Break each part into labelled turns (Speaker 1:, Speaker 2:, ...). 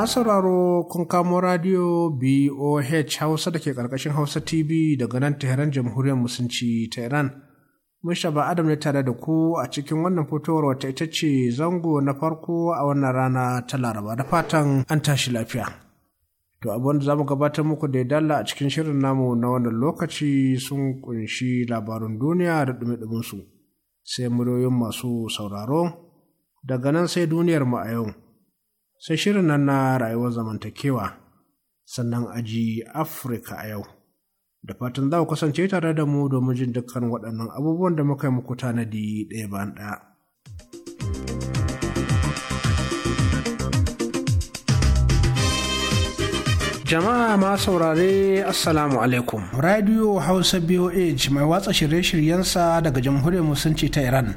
Speaker 1: Masu sauraro kun kamo radio BOH Hausa da ke ƙarƙashin Hausa TV daga nan Tehran Jamhuriyar Musulunci ta Iran. shaba Adam ne tare da ku a cikin wannan fitowar wata ita ce zango na farko a wannan rana ta Laraba da fatan an tashi lafiya. To abin da za mu gabatar muku da dalla a cikin shirin namu na wannan lokaci sun kunshi labarun duniya da dumi-duminsu sai muryoyin masu sauraro daga nan sai duniyar mu a yau. sai shirin nan na rayuwar zamantakewa sannan aji afirka a yau da fatan za ku kasance tare da mu domin jin dukkan waɗannan abubuwan da muka yi muku tanadi ɗaya bayan ɗaya. Jama'a ma saurare Assalamu alaikum. Radio Hausa BOH mai watsa shirye-shiryensa daga Jamhuriyar Musulunci ta Iran.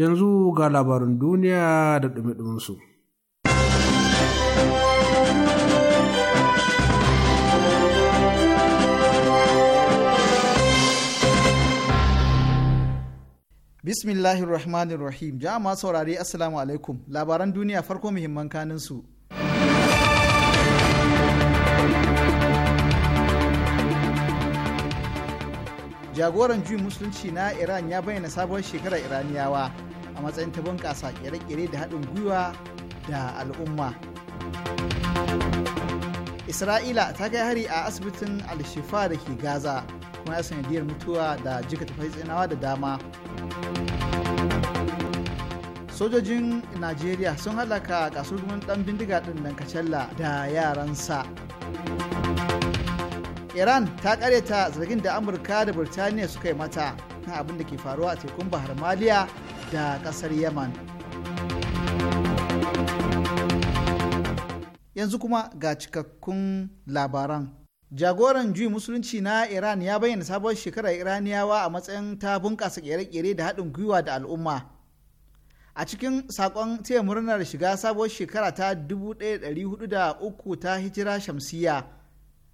Speaker 1: Yanzu ga labarin duniya da ɗumi-ɗuminsu.
Speaker 2: Bismillahirrahmanirrahim. Jama'a saurari Assalamu alaikum. Labaran duniya farko muhimman kaninsu. jagoran juyin musulunci na iran ya bayyana sabuwar shekarar iraniyawa a matsayin ta bunƙasa kere-kere da haɗin gwiwa da al'umma isra'ila ta kai hari a asibitin alshifa da ke gaza kuma ya sanadiyar mutuwa da jikata tsinawa da dama sojojin najeriya sun halaka kasuwar ɗan bindiga ɗin da yaransa iran ta karyata zargin da amurka da birtaniya suka yi mata na abin da ke faruwa a tekun bahar maliya da kasar yaman yanzu kuma ga cikakkun labaran jagoran juyi musulunci na iran ya bayyana sabon shekarar iraniyawa a matsayin ta bunƙasa kere-kere da haɗin gwiwa da al'umma a cikin sakon taya murnar shiga sabuwar shekara ta 1403 ta hijira shamsiyya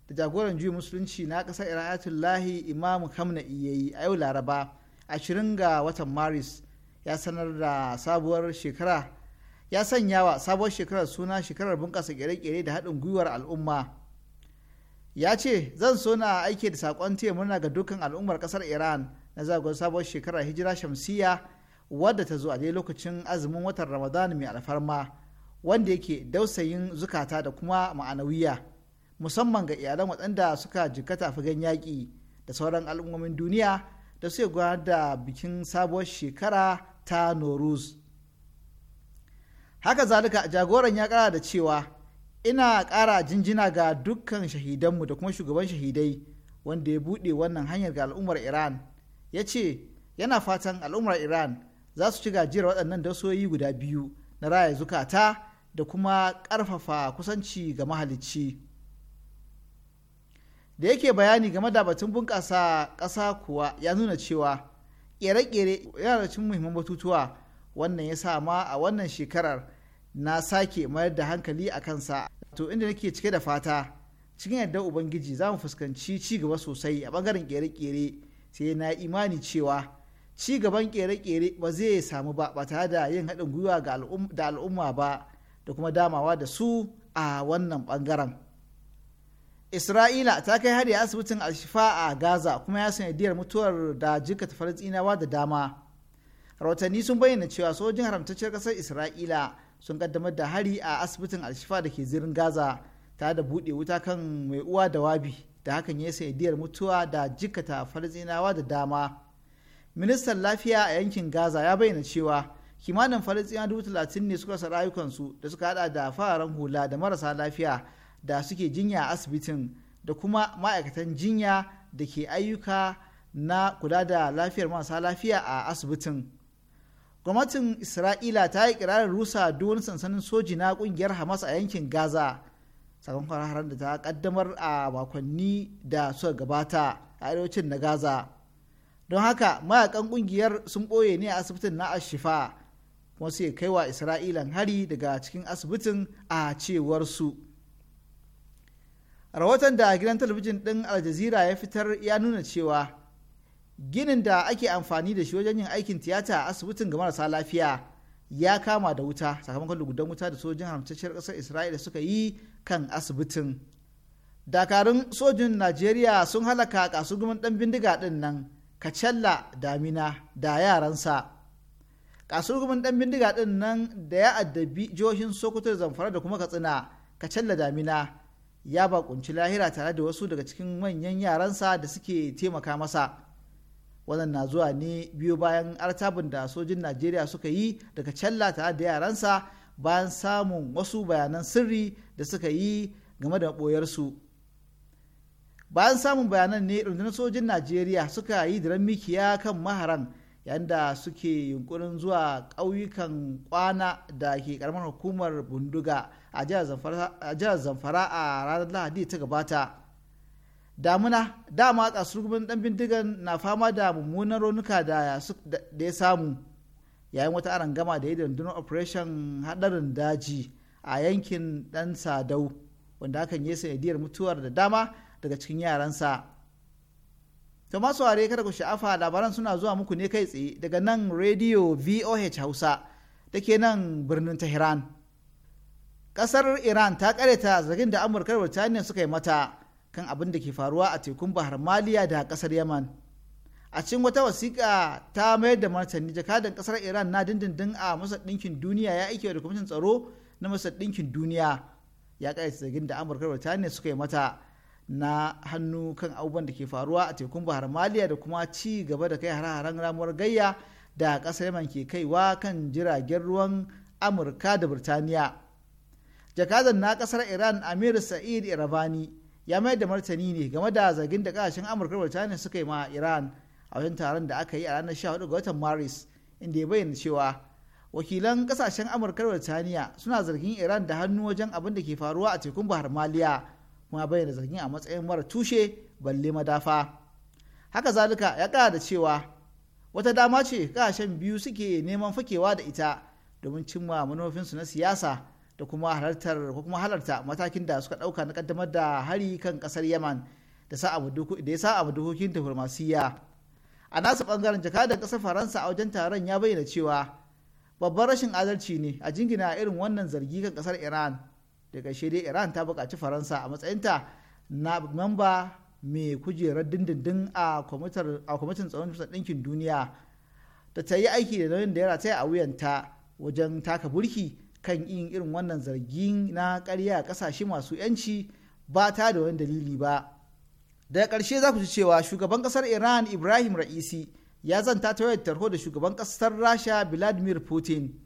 Speaker 2: da jagoran juyin musulunci na ƙasar irayatullahi imam kamna'i ya yi a yau laraba 20 ga watan maris ya sanar da sabuwar shekara ya sanya wa sabuwar shekarar suna shekarar bunƙasa kere-kere da haɗin gwiwar al'umma ya ce zan so na aike da saƙon taya murna ga dukkan al'ummar ƙasar iran na zagon sabuwar shekarar hijira shamsiya wadda ta zo a dai lokacin azumin watan ramadan mai alfarma wanda yake dausayin zukata da kuma ma'anawiya musamman ga iyalan waɗanda suka jikkata fagen yaƙi da sauran al'ummomin duniya da su gudanar da bikin sabuwar shekara ta noruz haka zalika jagoran ya ƙara da cewa ina ƙara jinjina ga dukkan shahidanmu da kuma shugaban shahidai wanda ya buɗe wannan hanyar ga al'ummar iran ya ce yana fatan al'ummar iran za su ci gajiyar waɗannan dasoyi guda biyu na raya zukata da kuma ƙarfafa kusanci ga mahalicci. da yake bayani game da batun bunƙasa ƙasa kuwa ya nuna cewa ƙere-ƙere yana da cin muhimman batutuwa wannan ya sa ma a wannan shekarar na sake mayar da hankali a kansa to inda nake cike da fata cikin yadda ubangiji za mu fuskanci ci gaba sosai a bangaren ƙere-ƙere sai na imani cewa ci gaban ƙere-ƙere ba zai samu ba ba tare da yin haɗin gwiwa da al'umma ba da kuma damawa da su a wannan bangaren. isra'ila ta kai hari a asibitin alshifa a gaza kuma ya sanadiyar mutuwar da jikata falasɗinawa da dama rahotanni sun bayyana cewa sojin haramtacciyar kasar isra'ila sun kaddamar da hari a asibitin alshifa da ke zirin gaza ta da buɗe wuta kan mai uwa da wabi da hakan ya sanadiyar mutuwa da jikata falasɗinawa da dama ministan lafiya a yankin gaza ya bayyana cewa kimanin falasɗinawa dubu talatin ne suka rasa rayukansu da suka hada da fararen hula da marasa lafiya da suke jinya a asibitin da kuma ma'aikatan jinya da ke ayyuka na kula da lafiyar marasa lafiya a asibitin gwamnatin isra'ila ta yi kirarin rusa duk sansanin soji na kungiyar hamas a yankin gaza sakamakon haram da ta kaddamar a makonni da suka gabata a arewacin na gaza don haka mayakan kungiyar sun ɓoye ne a asibitin na ashifa kuma su kai wa isra'ilan hari daga cikin asibitin a cewar su rahoton da gidan talabijin ɗin aljazira ya fitar ya nuna cewa ginin da ake amfani da shi wajen yin aikin tiyata a asibitin ga marasa lafiya ya kama da wuta sakamakon lugudan wuta da sojin haramtacciyar ƙasar isra'ila suka yi kan asibitin dakarun sojin najeriya sun halaka kasugumin ɗan bindiga ɗin nan kacalla damina da yaransa kasugumin dan bindiga ɗin nan da ya addabi jihohin sokoto da zamfara da kuma katsina kacalla damina ya bakunci lahira tare da wasu daga cikin manyan yaransa da suke taimaka masa wannan na zuwa ne biyu bayan artabin da sojin najeriya suka yi daga challa tare da yaransa bayan samun wasu bayanan sirri da suka yi game da ɓoyarsu bayan samun bayanan ne rundunar sojin najeriya suka yi da mikiya kan maharan yadda suke yunkurin zuwa ƙauyukan kwana da ke karamar hukumar bunduga a jihar zamfara a ranar lahadi ta gabata damuna dama kasurgumin dan bindigan na fama da mummunan raunuka da ya samu yayin wata arangama da ya dandunan operation hadarin daji a yankin dan sadau wanda hakan ya sanadiyar mutuwar da dama daga cikin yaransa To masu ware kada ku sha'afa labaran suna zuwa muku ne kai tsaye daga nan Radio VOH Hausa da ke nan birnin Tehran. Kasar Iran ta kareta zargin da Amurka da Birtaniya suka yi mata kan abin da ke faruwa a tekun Bahar Maliya da kasar Yaman. A cikin wata wasiƙa ta mayar da martani jakadan kasar Iran na dindindin a Masar Ɗinkin Duniya ya aike da kwamitin tsaro na Masar Ɗinkin Duniya ya kareta zargin da Amurka da Birtaniya suka yi mata na hannu kan abubuwan da ke faruwa a tekun bahar maliya da kuma ci gaba da kai hare-haren ramuwar gayya da ƙasa yaman ke kaiwa kan jiragen ruwan amurka da birtaniya jakadan na ƙasar iran amir sa'id iravani ya mayar da martani ne game da zargin da kasashen amurka birtaniya suka yi ma iran a wajen taron da aka yi a ranar 14 ga watan maris inda ya bayyana cewa wakilan kasashen amurka birtaniya suna zargin iran da hannu wajen abin da ke faruwa a tekun bahar maliya kuma bayyana zargin a matsayin mara tushe balle madafa haka zalika ya kara da cewa wata dama ce kasashen biyu suke neman fakewa da ita domin cimma manufinsu na siyasa da kuma halartar ko kuma halarta matakin da suka dauka na kaddamar da hari kan kasar yaman da ya sa abu dokokin diflomasiyya a nasu bangaren jakadar kasar faransa a wajen taron ya bayyana cewa babban rashin adalci ne a jingina irin wannan zargi kan kasar iran daga dai iran ta buƙaci faransa a matsayinta na mamba mai kujerar dindindin a kwamitin tsaron ɗinkin duniya da ta yi aiki da nauyin da ya rataya a wuyanta wajen taka burki kan yin irin wannan zargi na karya a ƙasashe masu 'yanci ba ta da wani dalili ba daga ƙarshe za ku ci cewa shugaban ƙasar iran ibrahim ra'isi ya zanta ta wayar tarho da shugaban ƙasar rasha vladimir putin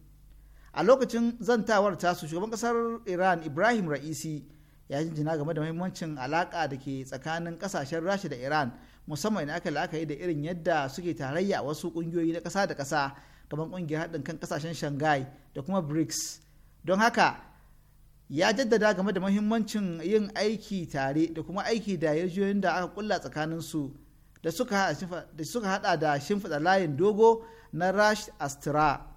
Speaker 2: a lokacin zantawar tasu shugaban kasar iran ibrahim ra'isi ya jinjina game da mahimmancin alaka da ke tsakanin kasashen rasha da iran musamman in aka la'akari da irin yadda suke tarayya a wasu kungiyoyi na kasa da kasa kamar kungiyar haɗin kan kasashen shanghai da kuma brics don haka ya jaddada game da mahimmancin yin aiki tare da kuma aiki da yarjiyoyin da aka kulla tsakanin su da suka hada da shimfiɗa layin dogo na rash astra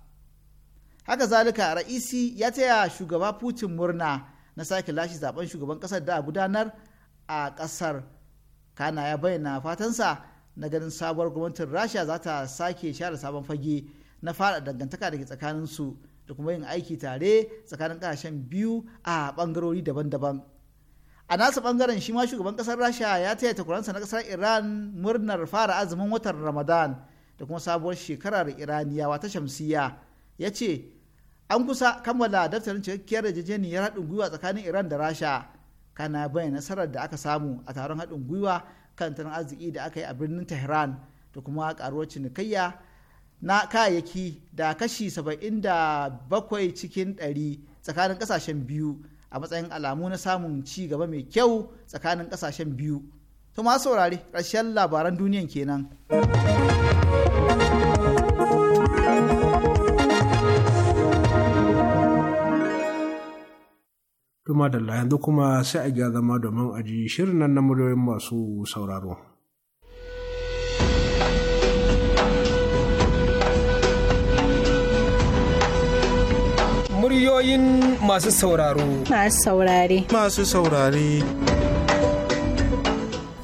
Speaker 2: haka zalika ra'isi ya taya shugaba putin murna na sake lashe zaben shugaban kasar da a gudanar a kasar kana ya bayyana fatansa na ganin sabuwar gwamnatin rasha za ta sake share sabon fage na fara dangantaka da tsakanin su da kuma yin aiki tare tsakanin kasashen biyu a bangarori daban-daban a nasa bangaren shi ma shugaban kasar rasha ya taya takwaransa na kasar iran murnar fara azumin watan ramadan da kuma sabuwar shekarar iraniyawa ta shamsiya ya ce an kusa kammala daftarin cikakkiyar yarjejeniyar haɗin gwiwa tsakanin iran da rasha kana bayan nasarar da aka samu a taron haɗin gwiwa kan tattalin arziki da aka yi a birnin tehran da kuma karuwar cinikayya na kayayyaki da kashi saba'in da bakwai cikin ɗari tsakanin kasashen biyu a matsayin alamu na samun ci gaba mai kyau tsakanin kasashen biyu to masu saurare ƙarshen labaran duniyan kenan.
Speaker 1: Duma da yanzu kuma sai a gya zama domin a ji shirin nan na muryoyin masu sauraro.
Speaker 3: Muryoyin
Speaker 4: masu sauraro.
Speaker 5: Masu saurare. Masu saurare.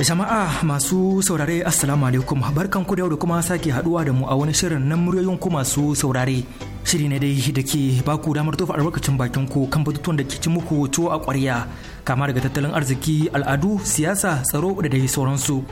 Speaker 6: jama'a masu saurare assalamu alaikum barkan ku da yau da kuma sake haduwa da mu a wani shirin na muryoyin ku masu saurare shiri ne dai da ke ba ku damar tofa albarkacin bakin ku kan batutuwan da ke ci muku tuwo a ƙwarya kama daga tattalin arziki al'adu siyasa tsaro da dai sauransu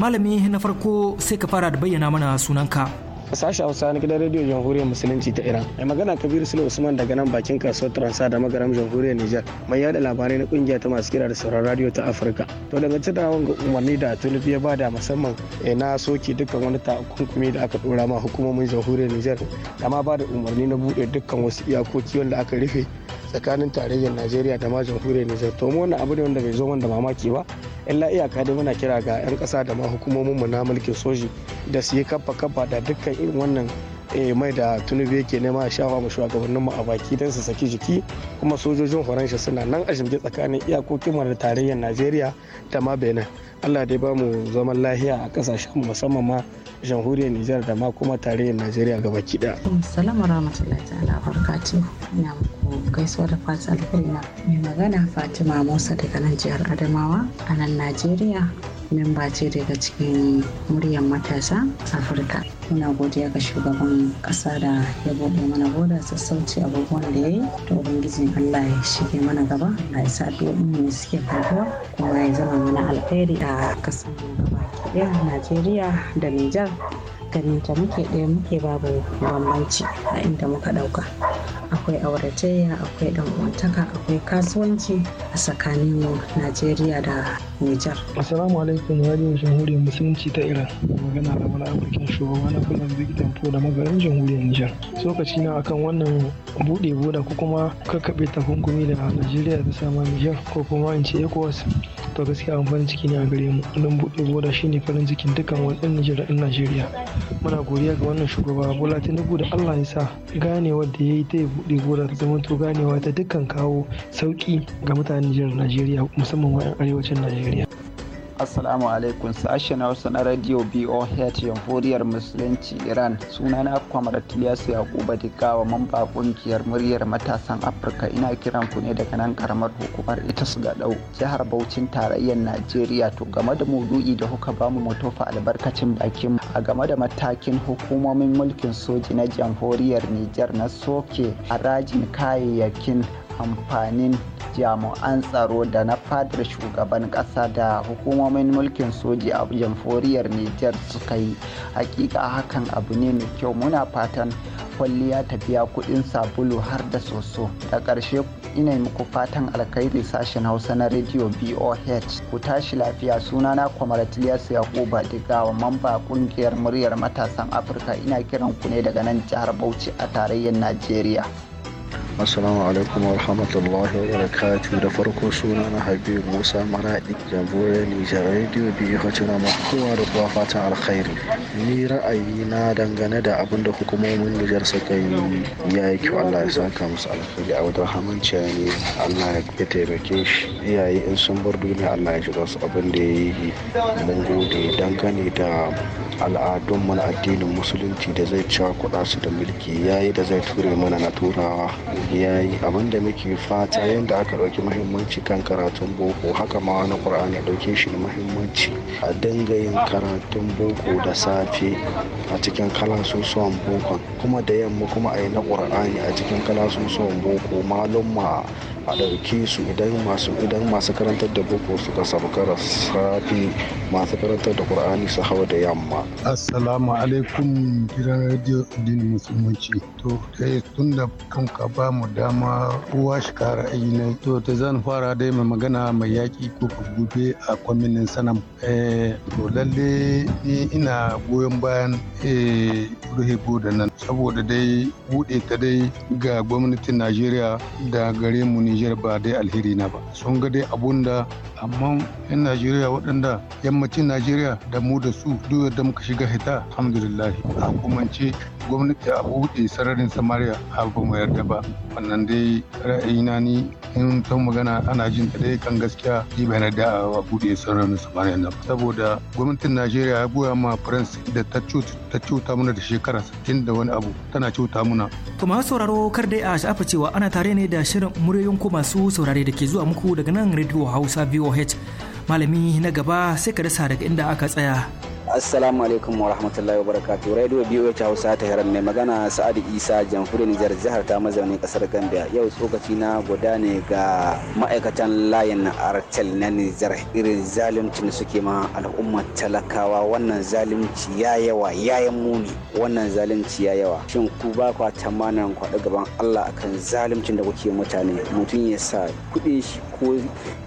Speaker 6: malami na farko sai ka fara da bayyana mana sunanka
Speaker 7: a sashi hausa na gidan rediyo jamhuriyar musulunci ta iran mai magana kabir sule usman daga nan bakin kasuwar transa da magaram jamhuriyar niger mai yada labarai na kungiya ta masu kira da sauran radio ta afirka to dangance da ga umarni da tulubi ya bada musamman eh, na soke dukkan wani takunkumi da aka dora ma hukumomin jamhuriyar nijar da ma bada umarni na buɗe dukkan wasu iyakoki wanda aka rufe tsakanin tarayyar najeriya da ma jamhuriyar nijar to mu wannan abu ne wanda bai zo wanda mamaki ba illa iyaka dai muna kira ga 'yan kasa da ma hukumomin mu na mulkin soji da su yi kafa kafa da dukkan irin wannan eh, mai da tunubi yake nema a shafa mu shugabannin mu a baki don su saki jiki kuma sojojin faransa suna nan a shimge tsakanin iyakokin mu da tarayyar najeriya da ma benin allah dai ba mu zaman lahiya a kasashen musamman ma jamhuriyar nijar da ma kuma tarayyar najeriya gaba kiɗa.
Speaker 8: salamu rahmatullahi ta'ala barkatu ina muku gaisuwa da fata alheri mai magana fatima musa daga nan jihar adamawa a nan najeriya memba ce daga cikin muryar matasa afirka muna godiya ga shugaban ƙasa da ya bude mana boda sassauci abubuwan da ya yi to ubangijin allah ya shige mana gaba na isa mu suke faruwa kuma ya zama mana alheri a ƙasar gaba ɗaya najeriya da nijar ganinta muke ɗaya muke babu bambanci a inda muka ɗauka akwai auratayya akwai ɗan'uwantaka akwai kasuwanci a tsakanin najeriya da nijar assalamu alaikum radiyon jamhuriyar musulunci ta iran magana da mala amurkin shugaba na kullum bigitan po
Speaker 6: da magarin jamhuriyar nijar tsokaci na akan wannan buɗe boda ko kuma kakkaɓe takunkumi da najeriya ta sama nijar ko kuma in ce ecowas to gaskiya amfani ciki ne a gare mu don buɗe boda shine farin cikin dukkan wasan nijar da najeriya muna godiya ga wannan shugaba bola tinubu da allah ya sa ganewa da ya yi ta buɗe gora ta zama to ganewa ta dukkan kawo sauki ga mutanen jihar najeriya musamman wa'yan arewacin najeriya
Speaker 4: Assalamu alaikum sashen Hausa na Radio BOH Jamhuriyar Musulunci Iran. Suna na Kwamar Tiliyasu Yakuba Dikawa mamba kungiyar muryar matasan Afirka ina kiran
Speaker 2: ku ne daga nan karamar hukumar ita su ga dau jihar Bauchin tarayyar Najeriya to game da maudu'i da kuka bamu mu tofa albarkacin bakin a game da matakin hukumomin mulkin soji na Jamhuriyar Nijar na soke harajin kayayyakin amfanin jami'an tsaro da na fadar shugaban ƙasa da hukumomin mulkin soji a jamhuriyar Niger suka yi. Hakika hakan abu ne mai kyau muna fatan kwalliya ta biya kuɗin sabulu har da soso. Da karshe ina muku fatan alkhairi sashen Hausa na rediyo BOH. Ku tashi lafiya sunana Kwamaratiliyasu Yakuba Digawa mamba ƙungiyar muryar matasan Afirka ina kiran ku ne daga nan jihar Bauchi a tarayyar Najeriya.
Speaker 7: Assalamu alaikum wa rahmatullahi wa barakatuh da farko suna na Habibu Musa Maradi jamhuriyar Nijar Radio biyu hace na kowa da kowa fatan alkhairi. Ni ra'ayi na dangane da abin da hukumomin Nijar suka yi ya yi kyau Allah ya saka musu alkhairi a wajen hamanci ne Allah ya taimake shi iyaye in sun bar duniya Allah ya shiga su abin da ya yi mun gode dangane da al'adunmu na addinin musulunci da zai cakuɗa su da mulki yayi da zai ture mana na turawa yayi abinda muke
Speaker 1: fata yadda aka ɗauki muhimmanci kan karatun boko haka ma wani ƙur'ani ɗauke shi da muhimmanci
Speaker 7: a dinga yin karatun boko da safe a cikin kalasusuwan bokon kuma da yamma kuma a yi na ƙur'ani a cikin kalasusuwan boko malum ma a ɗauke su idan masu idan masu karantar da boko suka sabkara safi masu karantar da qur'ani su hau da yamma
Speaker 9: assalamu alaikum gidan radio din musulunci to kai da kanka ba mu dama kowa shi kara ayyana to ta zan fara dai mai magana mai yaƙi ko gobe a kwaminin sanam eh, to lalle ni ina goyon bayan eh, ruhe da nan saboda dai buɗe ta dai ga gwamnatin najeriya da gare mu ne Nijar ba dai alheri na ba. Sun ga dai abun da amma 'yan Najeriya waɗanda yammacin Najeriya da mu da su duk da muka shiga hita alhamdulillah a hukumance gwamnati a buɗe sararin samariya a ba mu yarda ba wannan dai na ni in ta magana ana jin ta dai kan gaskiya ni bai na da a buɗe sararin samariya na saboda gwamnatin najeriya ya goya ma france da ta cuta mana da shekara 60 da wani abu tana cuta muna
Speaker 6: Kuma sauraro kar dai a sha'afa cewa ana tare ne da shirin muryoyin ku masu saurare da ke zuwa muku daga nan Radio Hausa VOH. Malami na gaba sai ka rasa daga inda aka tsaya.
Speaker 10: assalamu alaikum wa rahmatullahi wa barakatuh radio biyu ta hausa ta heran mai magana sa'adu isa jamhuriyar nijar jihar ta mazauni kasar gambia yau tsokaci na guda ne ga ma'aikatan layin artel na nijar irin zalimcin suke ma al'umma talakawa wannan zalimci ya yawa ya muni wannan zalimci ya yawa shin ku ba kwa tamanin kwaɗa gaban allah akan zalimcin da kuke mutane mutum ya sa kuɗin shi ko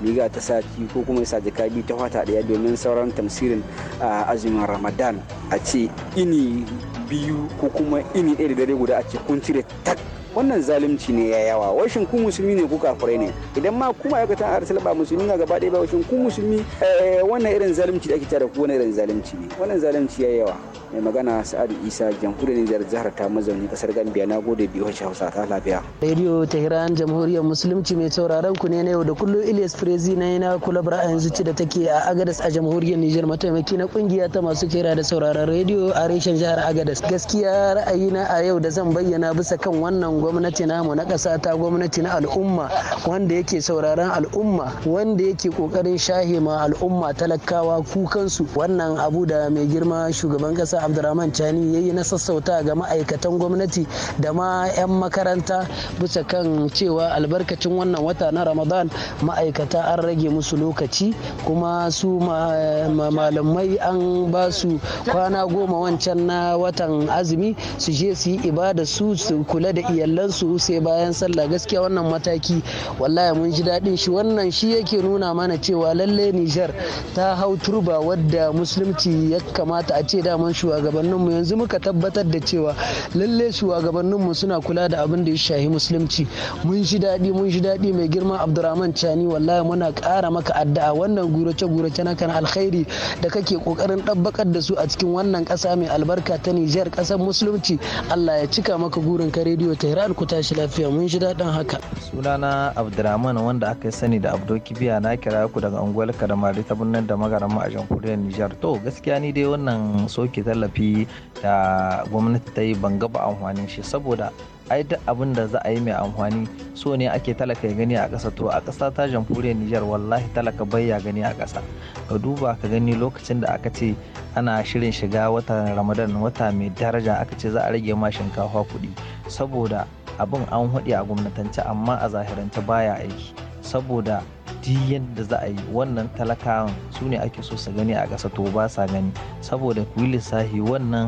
Speaker 10: riga ta sati ko kuma ya sa jaka biyu ta fata ɗaya domin sauran tamsirin ah, azumi ramadan a ce ini biyu ko kuma ini ɗaya da dare guda a ce kun cire tak wannan zalunci ne ya yawa washin ku musulmi ne ku kafirai ne idan ma kuma aikata a arsala ba musulmi ga gaba ɗaya ba washin ku musulmi eh, wannan irin zalunci da ake tare ku wannan irin zalunci ne wannan zalunci ya yawa mai magana sa'adu isa jamhuriyar nijar jihar ta mazauni kasar gambia na gode biyu hausa ta lafiya
Speaker 7: radio tehran jamhuriyar musulunci mai sauraron ku ne na yau da kullum ilyas prezi na yana kulabar a yanzu ci da take a agadas a jamhuriyar nijar mataimaki na kungiya ta masu kera da sauraron rediyo a reshen jihar agadas gaskiya ra'ayina a yau da zan bayyana bisa kan wannan gwamnati namu na ƙasa ta gwamnati na al'umma wanda yake sauraron al'umma wanda yake kokarin shahe ma al'umma talakawa kukansu wannan abu da mai girma shugaban ƙasa minista abdurrahman chani ya yi na sassauta ga ma'aikatan gwamnati da ma 'yan makaranta bisa kan cewa albarkacin wannan wata na ramadan ma'aikata an rage musu lokaci kuma su malamai an ba su kwana goma wancan na watan azumi su je su yi ibada su su kula da iyalansu sai bayan sallah gaskiya wannan mataki wallahi mun ji daɗin shi wannan shi yake nuna mana cewa lalle nijar ta hau turba wadda musulunci ya kamata a ce daman shi shugabanninmu yanzu muka tabbatar da cewa lalle shugabanninmu suna kula da abin da ya shahi musulunci mun shi daɗi mun shi daɗi mai girma abdurrahman cani wallahi muna ƙara maka addu'a wannan gurace gurace na kan alkhairi da kake kokarin ɗabbakar da su a cikin wannan ƙasa mai albarka ta nijar ƙasar musulunci allah ya cika maka gurin ka rediyo tehran ku tashi lafiya mun shi daɗin haka
Speaker 11: sunana abdurrahman wanda aka yi sani da abdo kibiya na kira ku daga unguwar kadamari ta birnin da magarama a jamhuriyar nijar to gaskiya ni dai wannan soke tallafi da gwamnati ta yi ban ga ba amfanin shi saboda ai duk abin da za a yi mai amfani so ne ake talaka ya gani a ƙasa to a ƙasa ta jamhuriyar Nijar wallahi talaka bai ya gani a ƙasa ka duba ka gani lokacin da aka ce ana shirin shiga watan Ramadan wata mai daraja aka ce za a rage ma shinkafa kuɗi saboda abin an haɗe a gwamnatance amma a zahirance baya aiki saboda duk yadda za a yi wannan talakawan su ne ake so su gani a ƙasa to ba sa gani saboda ku yi lissafi wannan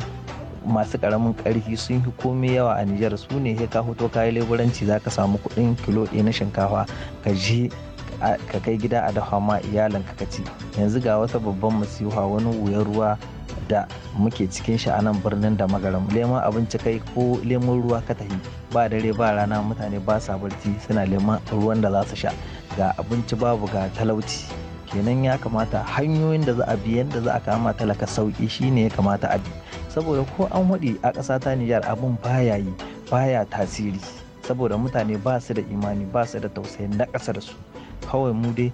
Speaker 11: masu ƙaramin karfi sun fi komai yawa a Nijar su ne ka hoto yi leburanci za ka samu kuɗin kilo ɗaya na shinkafa ka je ka kai gida a dafa ma iyalan ka ci yanzu ga wata babban masifa wani wuyar ruwa da muke cikin shi a nan birnin da magaram leman abinci kai ko lemun ruwa ka tahi ba dare ba rana mutane ba sa barci suna leman ruwan da za su sha ga abinci babu ga talauci kenan ya kamata hanyoyin da za a bi yadda za a kama talaka sauki shine ya kamata a bi saboda ko an hudi a ƙasa ta Nijar abun baya yi baya tasiri saboda mutane ba su da imani ba su da tausayin na ƙasar su kawai mu dai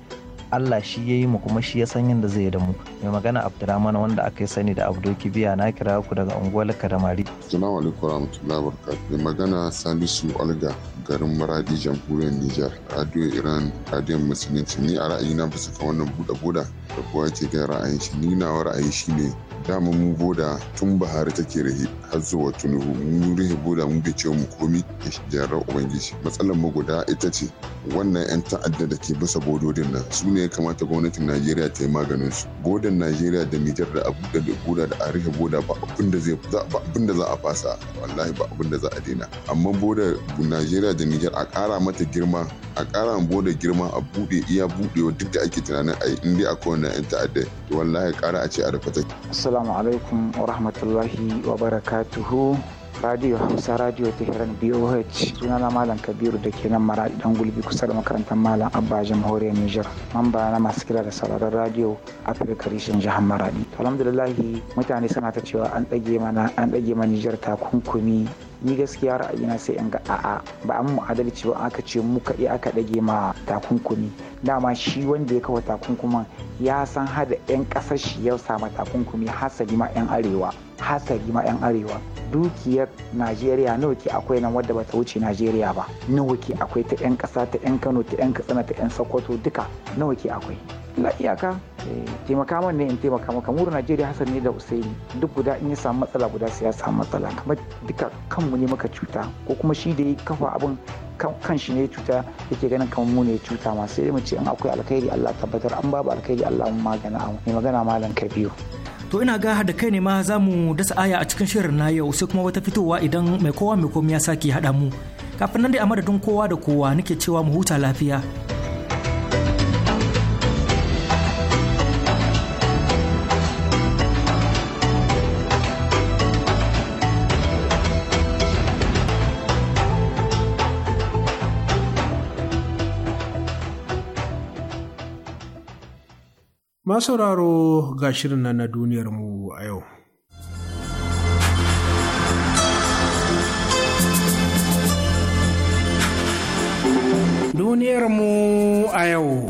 Speaker 11: Allah shi ya yi mu kuma shi ya san yadda zai da mu mai magana Abdurrahman wanda aka yi sani da Abdo Kibiya na kira ku daga unguwar Kadamari Assalamu alaikum
Speaker 9: warahmatullahi wabarakatuh mai magana Salisu Alga garin Maradi jamhuriyar Nijar Radio Iran Radio Musulunci ni a ra'ayina su ka wannan buɗe buɗa da kowa ke ga ra'ayin shi ni nawa ra'ayi shi ne dama mu boda tun bahari take rahi har zuwa tunuhu mun rahi boda mun bai ce mu komi da jarar ubangiji matsalar mu guda ita ce wannan yan ta'adda da ke bisa bododin nan su ne ya kamata gwamnatin najeriya ta yi maganin su godan najeriya da nijar da abu da boda da a rahe boda ba abin da zai ba abin da za a fasa wallahi ba abin da za a daina amma boda najeriya da nijar a kara mata girma a kara boda girma a bude iya budewa duk da ake tunanin a yi in dai akwai wannan yan ta'adda wallahi kara a ce a rufe take
Speaker 4: Assalamu alaikum wa rahmatullahi wa barakatuhu radio hausa radio tehran boh sunana malam kabiru da ke nan mara dan gulbi kusa da makarantar malam abba jamhuriyar niger mamba na masu kira da sauraron radio afirka rishin jihar maradi alhamdulillahi mutane suna ta cewa an ɗage mana an ɗage mana niger takunkumi ni gaskiya ra'ayina sai in ga a'a ba an mu adalci ba aka ce mu kaɗai aka ɗage ma takunkumi dama shi wanda ya kawo takunkuman ya san hada 'yan ƙasar shi ya sama takunkumi hasali ma 'yan arewa hatsari ma 'yan arewa dukiyar najeriya nawa ke akwai nan wadda bata wuce najeriya ba nawa ke akwai ta 'yan kasa ta 'yan kano ta 'yan katsina ta 'yan sokoto duka nawa ke akwai la iyaka eh, taimaka mana ne in taimaka maka muru najeriya hassan ne da usaini duk guda in ya samu matsala guda sai ya samu matsala kamar duka kanmu ne muka cuta ko kuma shi da ya kafa abin kan shi ne cuta yake ganin kamar mu ne cuta ma sai mu ce in akwai alkhairi Allah tabbatar an babu alkhairi Allah mu magana mai magana malam ka biyu.
Speaker 6: To ina ga da kai ne ma za mu dasa aya a cikin shirin na yau sai kuma wata fitowa idan mai kowa mai komi ya sake haɗa mu. Kafin nan dai a madadin kowa da kowa nake cewa mu huta lafiya.
Speaker 1: masu sauraro ga shirin na na mu a yau. Duniyar
Speaker 3: mu a yau.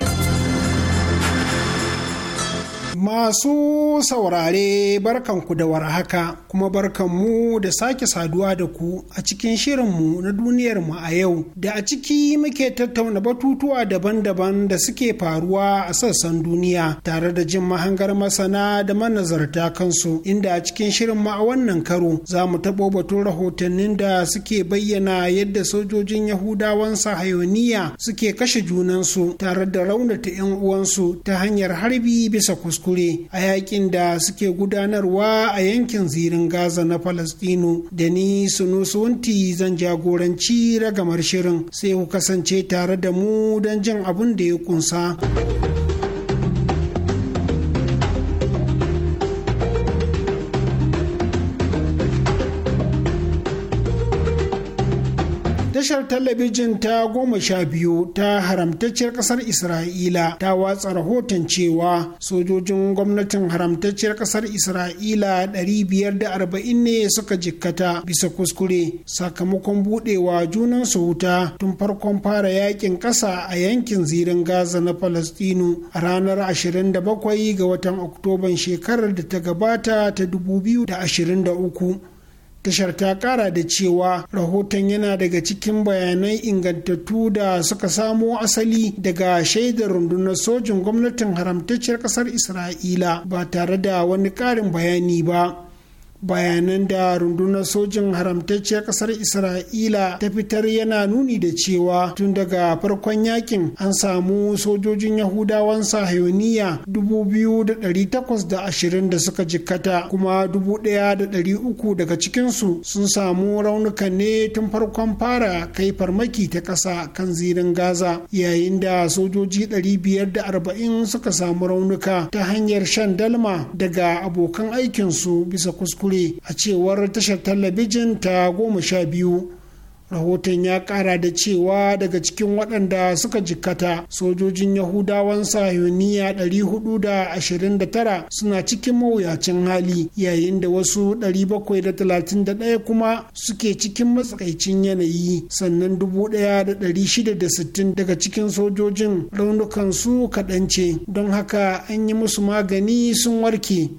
Speaker 3: Masu saurare barkanku da warhaka kuma barkanmu da sake saduwa da ku a cikin shirin mu na duniyarmu a yau da a ciki muke tattauna batutuwa daban-daban da suke faruwa a sassan duniya tare da jin mahangar masana da manazarta kansu inda a cikin shirinmu a wannan karo za mu taɓo batun rahotannin da suke bayyana yadda sojojin Yahudawan sahayoniya suke kashe junansu tare da raunata 'yan uwansu ta hanyar harbi bisa kuskure. kuskure a yakin da suke gudanarwa a yankin zirin gaza na falastinu da ni sunusunti zan jagoranci ragamar shirin sai ku kasance tare da mu don jin abin da ya kunsa. talabijin ta goma sha biyu ta haramtacciyar kasar isra'ila ta watsa rahoton cewa sojojin gwamnatin haramtacciyar kasar isra'ila 540 ne suka jikkata bisa kuskure sakamakon budewa junansu wuta tun farkon fara yakin kasa a yankin zirin gaza na falastinu a ranar 27 ga watan oktoban shekarar da ta gabata ta 2023 tashar ta kara da cewa rahoton yana daga cikin bayanan ingantattu da suka samo asali daga shaidar rundunar sojin gwamnatin haramtacciyar kasar isra'ila ba tare da wani karin bayani ba bayanan da rundunar sojin haramtacciyar kasar isra'ila ta fitar yana nuni da cewa tun daga farkon yakin an samu sojojin yahudawan sahayoniya 2,820 da suka jikkata kuma 1,300 daga cikinsu sun samu raunuka ne tun farkon fara kai farmaki ta ƙasa kan zirin gaza yayin da sojoji 540 suka samu raunuka ta hanyar shan dalma daga abokan aikinsu bisa kuskure kuskure a cewar tashar talabijin ta goma sha biyu rahoton ya kara da cewa daga cikin waɗanda suka jikkata sojojin yahudawan sahiyoniya 429 suna cikin mawuyacin hali yayin da wasu 731 kuma suke cikin matsakaicin yanayi sannan 1660 daga cikin sojojin raunukan su kaɗance don haka an yi musu magani sun warke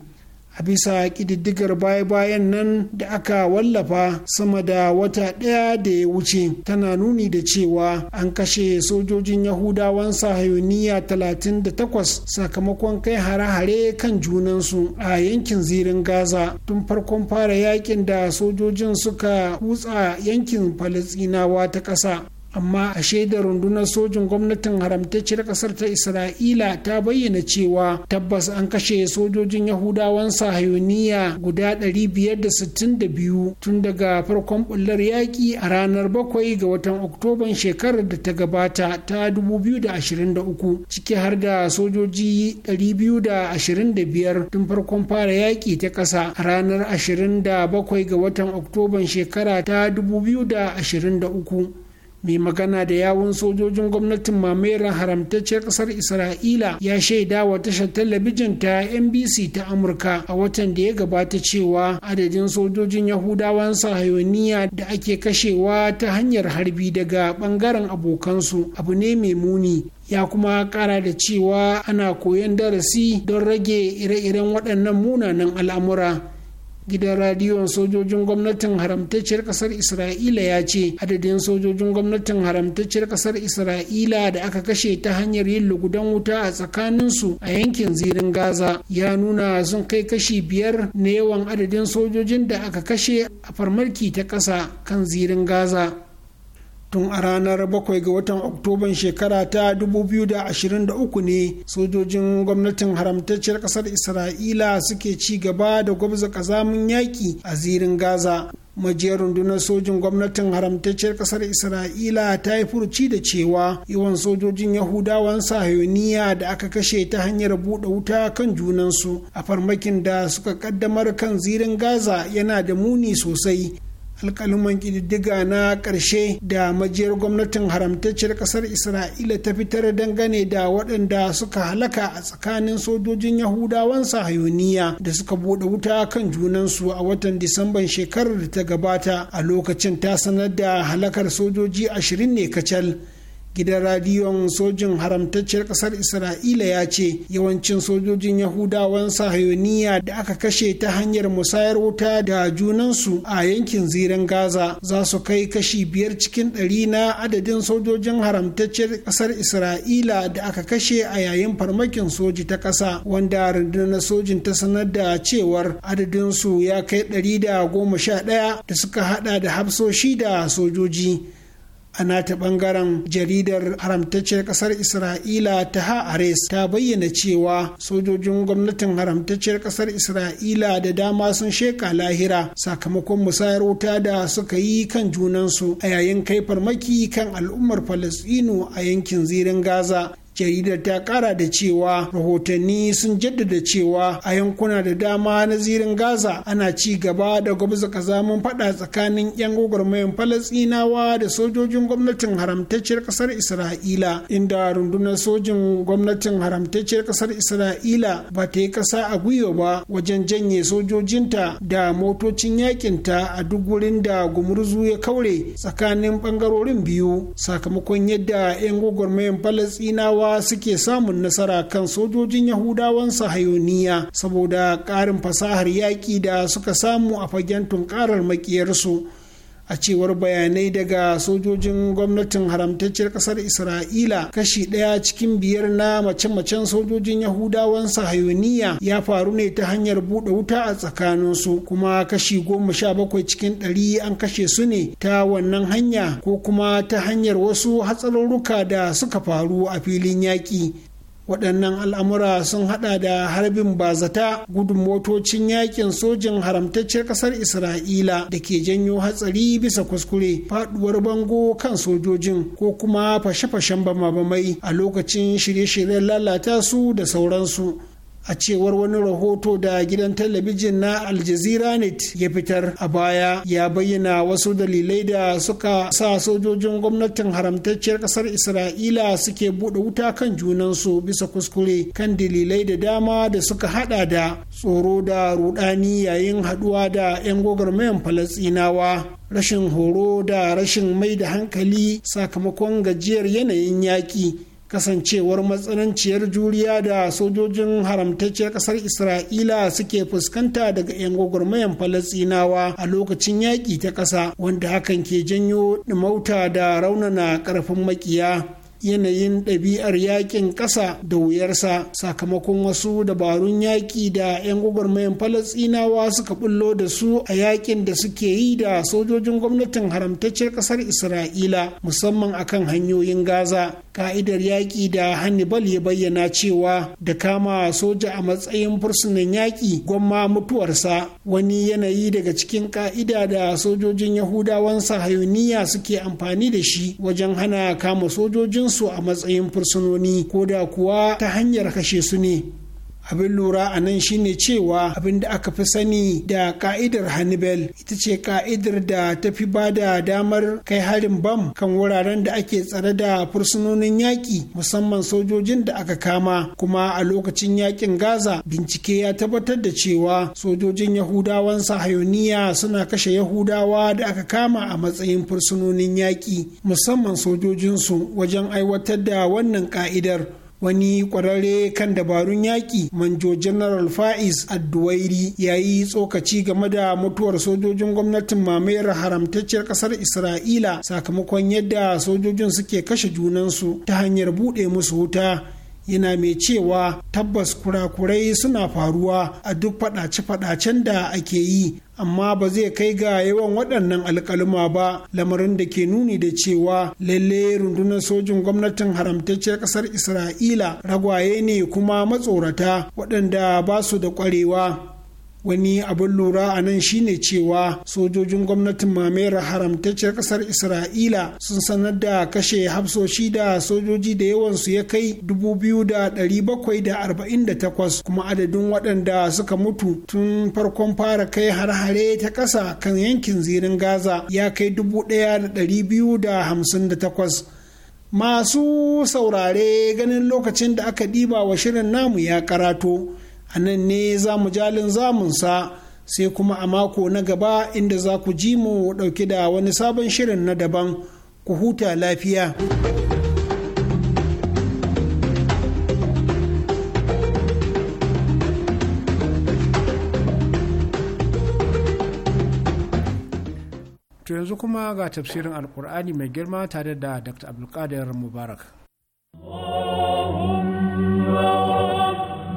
Speaker 3: a bisa ƙididdigar baya-bayan nan da aka wallafa sama da wata ɗaya da ya wuce tana nuni da cewa an kashe sojojin yahudawan sahayoniya 38 sakamakon kai hare-hare kan junansu a yankin zirin gaza tun farkon fara yakin da sojojin suka hutsa yankin falisinawa ta ƙasa amma a shaidar rundunar sojin gwamnatin haramtacciyar kasar ta isra'ila ta bayyana cewa tabbas an kashe sojojin yahudawan sahayoniya guda 562 tun daga farkon bullar yaƙi a ranar 7 ga watan oktoban shekarar da ta gabata ta 2023 ciki har da sojoji 225 tun farkon fara yaƙi ta ƙasa a ranar 27 ga watan oktoban shekara ta 2023 mai magana da yawun sojojin gwamnatin mamayar haramtacciyar ƙasar isra'ila ya shaida wa tashar talabijin ta nbc ta amurka a watan da ya gabata cewa adadin sojojin yahudawan sahayoniya da ake kashewa ta hanyar harbi daga ɓangaren abokansu abu ne mai muni ya kuma kara da cewa ana koyon darasi don rage ire-iren waɗannan munanan al'amura gidan radiyon sojojin gwamnatin haramtacciyar kasar isra'ila ya ce adadin sojojin gwamnatin haramtacciyar kasar isra'ila da aka kashe ta hanyar yin lugudan wuta a tsakaninsu a yankin zirin gaza ya nuna sun kai kashi biyar na yawan adadin sojojin da aka kashe a farmarki ta ƙasa kan zirin gaza tun a ranar 7 ga watan oktoban shekara ta 2023 ne sojojin gwamnatin haramtacciyar kasar isra'ila suke ci gaba da gwabza kazamin yaƙi a zirin gaza majiyar rundunar sojin gwamnatin haramtacciyar kasar isra'ila ta yi furuci da cewa yawan sojojin yahudawan sahiyoniya da aka kashe ta hanyar buɗe wuta kan junansu a farmakin da suka kaddamar kan zirin gaza yana da muni sosai alkaluman ƙididdiga na ƙarshe da majiyar gwamnatin haramtacciyar ƙasar isra'ila ta fitar dangane da waɗanda suka halaka a tsakanin sojojin yahudawan sahayoniya da suka buɗe wuta kan junansu a watan disamban shekarar da ta gabata a lokacin ta sanar da halakar sojoji ashirin ne kacal gidan radiyon sojin haramtacciyar kasar isra'ila ya ce yawancin sojojin yahudawan sahayoniya da aka kashe ta hanyar musayar wuta da junansu a yankin ziren gaza za su kai kashi biyar cikin ɗari na adadin sojojin haramtacciyar kasar isra'ila da aka kashe a yayin farmakin soji ta ƙasa wanda rundunar sojin ta sanar da cewar adadinsu ya kai ɗari da goma sha ɗaya da suka haɗa da hafsoshi da sojoji a nata bangaren jaridar haramtacciyar kasar isra'ila ta ha'ares ta bayyana cewa sojojin gwamnatin haramtacciyar kasar isra'ila da dama sun sheka lahira sakamakon musayar wuta da suka yi kan junansu a yayin kai farmaki kan al'ummar falasɗinu a yankin zirin gaza jaridar ta kara da cewa rahotanni sun jaddada cewa a yankuna da dama na zirin gaza ana ci gaba da gwamnati kazamin fada tsakanin yan gwagwarmayan falasinawa da sojojin gwamnatin haramtacciyar kasar isra'ila inda rundunar sojin gwamnatin haramtacciyar kasar isra'ila ba ta yi kasa a gwiwa ba wajen janye sojojinta da motocin yakinta a duk wurin da gumurzu ya kaure tsakanin bangarorin biyu sakamakon yadda yan gwagwarmayan falasinawa Yahudawa suke samun nasara kan sojojin yahudawan sahayoniya saboda ƙarin fasahar yaƙi da suka samu a fagen tunkarar makiyarsu a cewar bayanai daga sojojin gwamnatin haramtacciyar kasar isra'ila kashi ɗaya cikin biyar na mace-macen sojojin yahudawan sahayoniya ya faru ne ta hanyar buɗe wuta a tsakaninsu kuma kashi goma sha bakwai cikin ɗari an kashe su ne ta wannan hanya ko kuma ta hanyar wasu hatsarurruka da suka faru a filin yaƙi waɗannan al'amura sun haɗa da harbin bazata gudun motocin yakin sojin haramtaccen ƙasar isra'ila da ke janyo hatsari bisa kuskure faɗuwar bango kan sojojin ko kuma fashe-fashen bama-bamai a lokacin shirye-shiryen lalata su da sauransu a cewar wani rahoto da gidan talabijin na aljazira net ya fitar a baya ya bayyana wasu dalilai da suka sa sojojin gwamnatin haramtacciyar kasar isra'ila suke buɗe wuta kan junansu bisa kuskure kan dalilai da dama da suka hada da tsoro da rudani yayin haduwa da 'yan gwagwarmayan falasinawa rashin horo da rashin mai da hankali sakamakon gajiyar yanayin yaki. kasancewar matsananciyar juriya da sojojin haramtacciyar kasar isra'ila suke fuskanta daga 'yan gwagwarmayan falasinawa a lokacin yaƙi ta ƙasa wanda hakan ke janyo ɗimauta da raunana ƙarfin makiya yanayin ɗabi'ar yakin ƙasa da wuyarsa sakamakon wasu dabarun yaƙi da 'yan gwagwarmayan falasinawa suka bullo da su a yakin da suke yi da sojojin gwamnatin haramtacciyar ƙasar isra'ila musamman akan hanyoyin gaza ka'idar yaƙi da hannibal ya bayyana cewa da kama soja a matsayin fursunan yaƙi gwamma mutuwarsa wani yanayi daga cikin ka'ida da sojojin yahudawan sahayuniya suke amfani da shi wajen hana kama sojojin su a matsayin fursunoni ko da kuwa ta hanyar kashe su ne abin lura a nan shine cewa abin da aka fi sani da ka'idar hannibal ita ce ka'idar da ta fi ba da damar kai harin bam kan wuraren da ake tsare da fursunonin yaƙi musamman sojojin da aka kama kuma a lokacin yaƙin gaza bincike ya tabbatar da cewa sojojin yahudawan sahayoniya suna kashe yahudawa da aka kama a matsayin fursunonin yaƙi musamman sojojinsu wajen aiwatar da wannan ka'idar wani kwararre kan dabarun yaƙi manjo general faiz adduwairi ya yi tsokaci game da mutuwar sojojin gwamnatin mamayar haramtacciyar ƙasar isra'ila sakamakon yadda sojojin suke kashe junansu ta hanyar buɗe musu wuta yana mai cewa tabbas kurakurai suna faruwa a duk fadace-fadacen da ake yi amma ba zai kai ga yawan waɗannan alkaluma ba lamarin da ke nuni da cewa lalle rundunar sojin gwamnatin haramtacciyar ƙasar isra'ila ragwaye ne kuma matsorata waɗanda ba su da ƙwarewa wani abin lura a nan shine cewa sojojin gwamnatin mamayar haramtacciyar kasar isra'ila sun sanar da kashe hafsoshi da sojoji da yawansu ya kai 2,748 kuma adadin waɗanda suka mutu tun farkon fara kai har-hare ta ƙasa kan yankin zirin gaza ya kai 1,258 masu saurare ganin lokacin da aka diba wa shirin namu ya karato a nan ne za mu jalin zamunsa sai kuma a mako na gaba inda za ku ji mu ɗauke da wani sabon shirin na daban ku huta lafiya.
Speaker 1: To yanzu kuma ga tafsirin Alkur'ani mai girma tare da Dr. Abdulkadir Mubarak.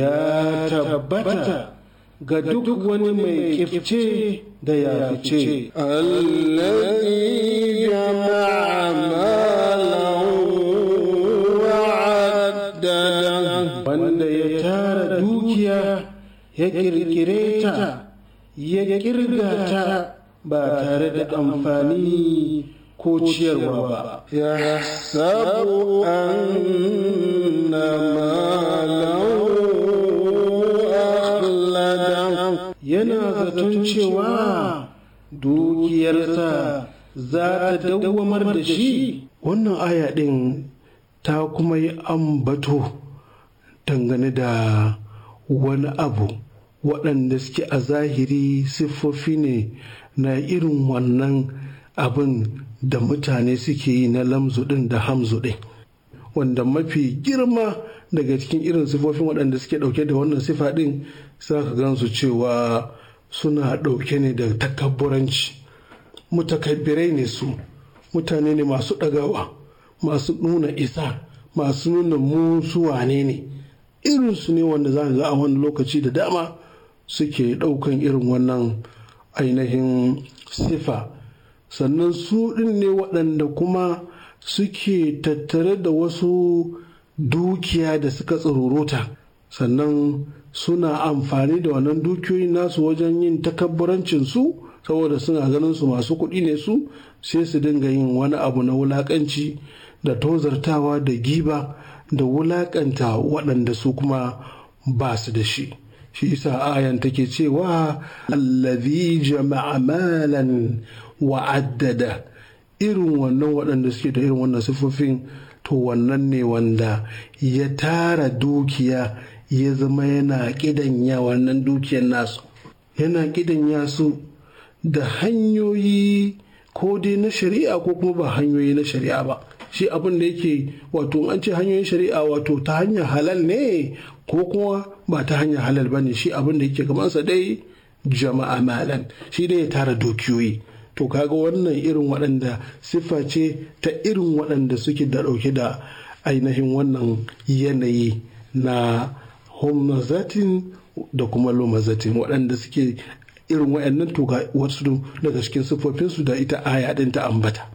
Speaker 12: ya tabbata ga duk wani mai kifce da ya fice. wanda ya tara dukiya ya kirkire ta ya kirga ta ba tare da amfani ko ciyarwa ba. Ya sabu an ganin cewa dukiyarsa za ta dawamar da shi wannan aya ɗin ta kuma yi ambato dangane da wani abu waɗanda suke a zahiri siffofi ne na irin wannan abin da mutane suke yi na lamzuɗin da hamzuɗin wanda mafi girma daga cikin irin siffofin waɗanda suke ɗauke da wannan sifa ɗin za ka gansu cewa suna ɗauke ne da takabburanci mutakabbirai ne su mutane ne masu ɗagawa masu nuna isa masu nuna musu wane ne irinsu ne wanda za a wani lokaci da dama suke ɗaukan irin wannan ainihin sifa sannan su ɗin ne waɗanda kuma suke tattare da wasu dukiya da suka tsururuta sannan suna amfani da wannan dukiyoyin nasu wajen yin takabburancin su saboda suna ganin su masu kuɗi ne su sai su dinga yin wani abu na wulakanci da tozartawa da giba da wulakanta waɗanda su kuma ba su da shi shi isa ayan take cewa allazi jama'a malan wa'addada irin wannan waɗanda suke da irin wannan siffofin to wannan ne wanda ya tara dukiya ya zama yana ya wannan dukiyar nasu yana ya su da hanyoyi ko dai na shari'a ko kuma ba hanyoyi na shari'a ba shi abin da yake wato an ce hanyoyin shari'a wato ta hanyar halal ne ko kuma ba ta hanyar halal ba ne shi abin da yake kamansa dai jama'a malan shi dai ya tara dukiyoyi to kaga wannan irin waɗanda siffa ce ta irin waɗanda suke da ɗauke da ainihin wannan yanayi na homazatin da kuma lomazatin waɗanda suke irin waɗannan to ga wasu daga cikin siffofinsu da ita aya ɗin ta ambata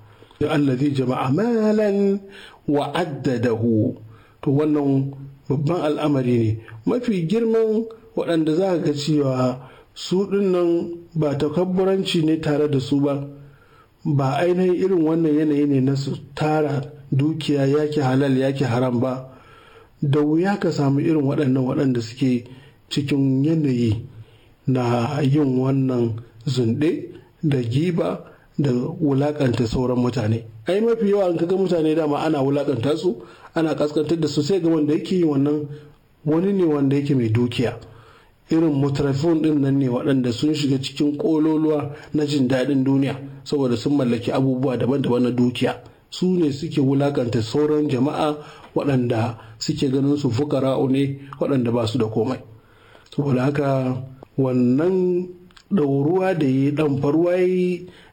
Speaker 12: Allah zai jama'a malan wa addadahu to wannan babban al'amari ne mafi girman waɗanda za ga cewa su nan ba takabburanci ne tare da su ba ba ainihin irin wannan yanayi ne na su tara dukiya yake halal yake haram ba da wuya ka samu irin waɗannan waɗanda suke cikin yanayi na yin wannan zunɗe da giba da wulakanta sauran mutane ai mafi yawa in kaga mutane dama ana wulakanta su ana kaskantar da su sai ga wanda yake yi wannan wani ne wanda yake mai dukiya irin mutrafin din nan ne waɗanda sun shiga cikin kololuwa na jin daɗin duniya saboda sun mallaki abubuwa daban-daban na dukiya su ne suke wulakanta sauran jama'a waɗanda suke ganin su fukara ne waɗanda ba su da komai saboda haka wannan ɗauruwa da ya faruwa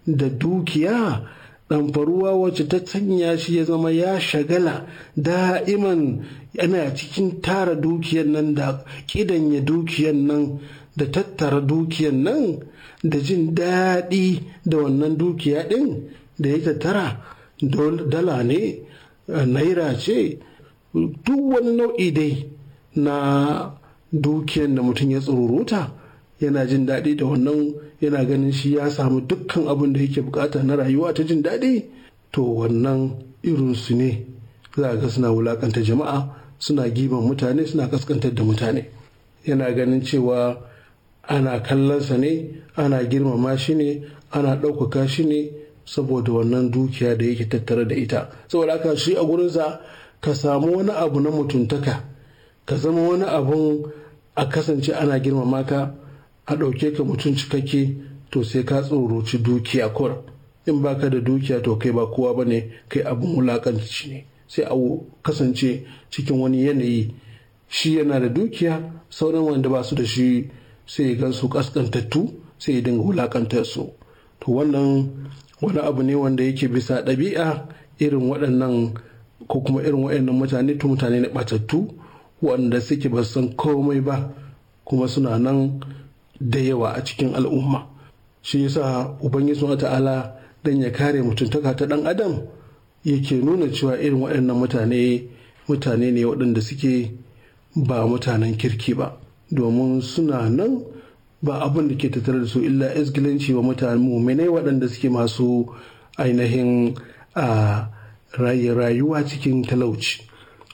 Speaker 12: da dukiya ɗan faruwa wacce ta sanya shi ya zama ya shagala da'iman yana cikin tara dukiyar nan da kidanya dukiyar nan da tattara dukiyan nan da jin daɗi da wannan dukiya ɗin da ya tattara dala ne eh, naira ce duk wani nau'i dai na dukiyar da mutum ya tsururuta yana jin daɗi da wannan yana ganin shi ya samu dukkan abin da yake bukata na rayuwa ta jin daɗi to wannan su ne za ga suna wulakanta jama'a suna giban mutane suna kaskantar da mutane yana ganin cewa ana kallonsa ne ana girmama shi ne ana ɗaukaka shi ne saboda wannan dukiya da yake tattare da ita saboda haka shi a gurinsa ka samu wani abu na mutuntaka ka zama wani abun a kasance ana girmama ka a ɗauke ka mutum cikakke to sai ka tsoroci dukiya kawai in baka da dukiya to kai ba kowa ba ne kai abin wulaƙanci ne sai a kasance cikin wani yanayi shi yana da dukiya sauran wanda ba su da shi sai ya gansu kaskantattu sai ya dinga wulaƙantar su to wannan wani abu ne wanda yake bisa ɗabi'a irin waɗannan ko kuma irin waɗannan mutane tu mutane na ɓatattu wanda suke ba san komai ba kuma suna nan da yawa a cikin al'umma shi yasa ubangiji ta'ala dan ya kare mutuntaka ta ɗan adam yake nuna cewa irin waɗannan mutane mutane ne waɗanda suke ba mutanen kirki ba domin suna nan ba abin da ke tattare da su illa izgilanci wa mutane muminai waɗanda suke masu ainihin a rayuwa cikin talauci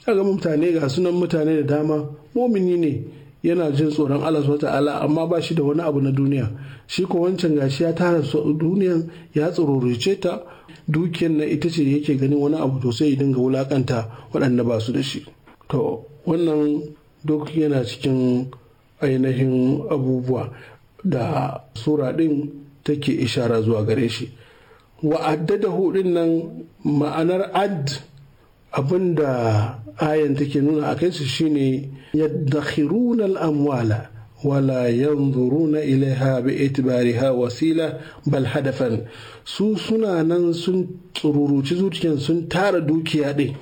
Speaker 12: ga mutane ga sunan mutane da dama mumini ne yana jin tsoron Allah subhanahu ta'ala amma ba shi da wani abu na duniya shi ko wancan gashi ya tara duniyan ya tsororice ta dukiyar na ita ce yake ganin wani abu to sai ya dinga wulakanta waɗanda ba su da shi to wannan duk yana cikin ainihin abubuwa da sura ɗin take ishara zuwa gare shi wa'adda da hudun nan ma'anar ad abinda ayan take nuna a kai su shine yaddakhiruna al-amwala wala yanzuruna ilaiha bi itibariha wasila bal hadafan su suna nan sun tsururuci zuciyan sun tara dukiya ɗin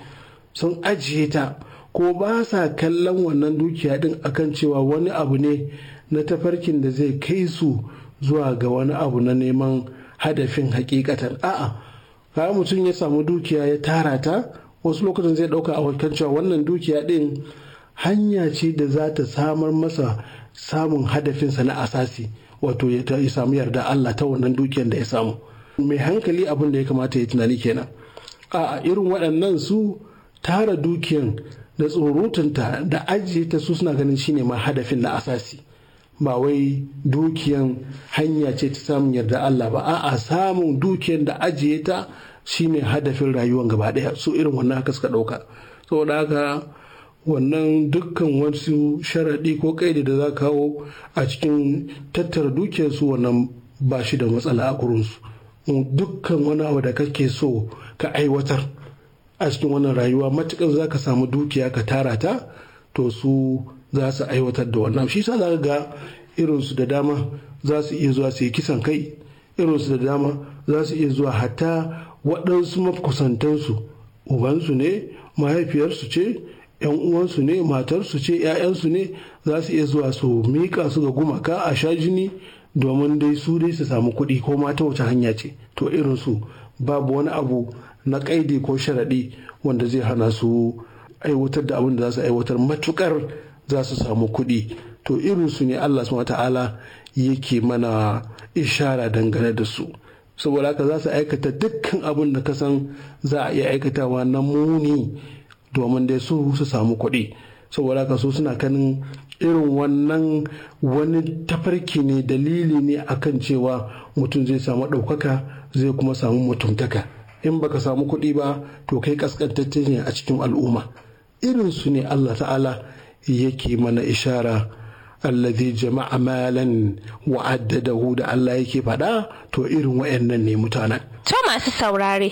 Speaker 12: sun ajiye ta ko ba sa kallon wannan dukiya din akan cewa wani abu ne na tafarkin da zai kai su zuwa ga wani abu na neman hadafin hakikatan a'a kayan mutum ya samu dukiya ya tara ta wasu lokacin zai dauka a wakan cewa wannan dukiya din hanya ce da za ta samar masa samun hadafinsa na asasi wato ya samu yarda Allah ta wannan dukiyar da ya samu mai hankali abin da ya kamata ya tunani kenan a irin waɗannan su tara dukiyan da tsorotunta da ajiye ta su suna ganin shine ma hadafin na asasi ba wai dukiyan hanya ce ta samun yarda Allah ba a'a samun dukiyan da ajiye ta shine hadafin rayuwan gaba daya su irin wannan haka suka dauka saboda haka wannan dukkan wasu sharaɗi ko kaidi da za kawo a cikin tattara dukiyarsu wannan ba shi da matsala a kurinsu dukkan wani abu da kake so ka aiwatar a cikin wannan rayuwa matukar za ka samu dukiya ka tara ta to su za su aiwatar da wannan shi sa za ga irinsu da dama za su iya zuwa su yi kisan kai irinsu da dama za su iya zuwa hatta waɗansu makusantansu ubansu ne mahaifiyarsu ce yan uwansu ne matarsu ce 'ya'yansu ne za su iya zuwa su miƙa su ga gumaka a sha jini domin dai su dai su samu kuɗi ko ma ta wace hanya ce to irinsu babu wani abu na kaidi ko sharaɗi wanda zai hana su aiwatar da abin da za su aiwatar matukar za su samu kuɗi to irin su ne Allah subhanahu ta'ala yake mana ishara dangane da su saboda haka za su aikata dukkan abin da kasan san za a iya aikatawa na muni domin dai su su samu kuɗi saboda haka su suna kanin irin wannan wani tafarki ne dalili ne akan cewa mutum zai samu ɗaukaka zai kuma samu mutumtaka in baka samu kuɗi ba to kai kaskantacce ne a cikin al'umma irin su ne Allah ta'ala yake mana ishara allazi jama'a malan wa addadahu da Allah yake faɗa to irin wayannan ne mutanen
Speaker 8: to masu saurare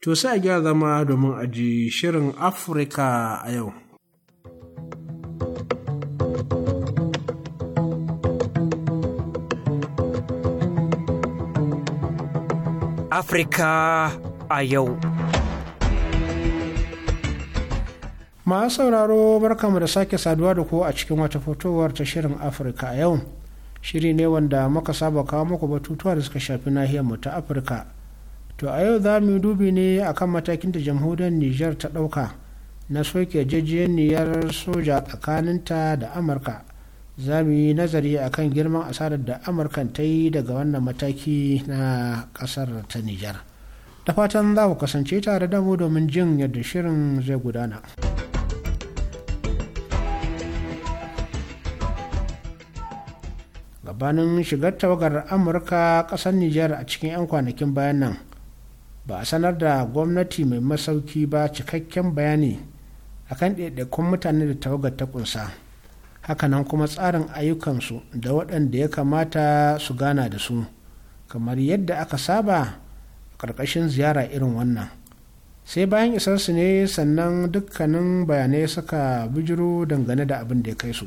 Speaker 1: To sai gyara zama domin aji shirin Afirka a yau.
Speaker 6: Afirka a yau.
Speaker 1: Masu sauraro barkamu da sake saduwa da ku a cikin wata fitowar ta shirin Afirka a yau. Shiri ne wanda muka saba kawo muku batutuwa da suka shafi nahiyar mu ta Afirka. to a yau za mu dubi ne a kan matakin da jamhuriyar niger ta ɗauka na soke jejeniyar soja tsakaninta da amurka za mu yi nazari a kan girman asarar da amurkan ta yi daga wannan mataki na ƙasar ta niger da fatan za ku kasance tare da mu domin jin yadda shirin zai gudana. gabanin shigar tawagar amurka kasar niger a cikin 'yan kwanakin bayan nan ba a sanar da gwamnati mai masauki ba cikakken bayani akan ɗaiɗaikun mutane da tawagar ta ƙunsa hakanan kuma tsarin ayyukansu da waɗanda ya kamata su gana da su kamar yadda aka saba ƙarƙashin ziyara irin wannan sai bayan isarsu ne sannan dukkanin bayanai suka bijiro dangane da abin da ya kai su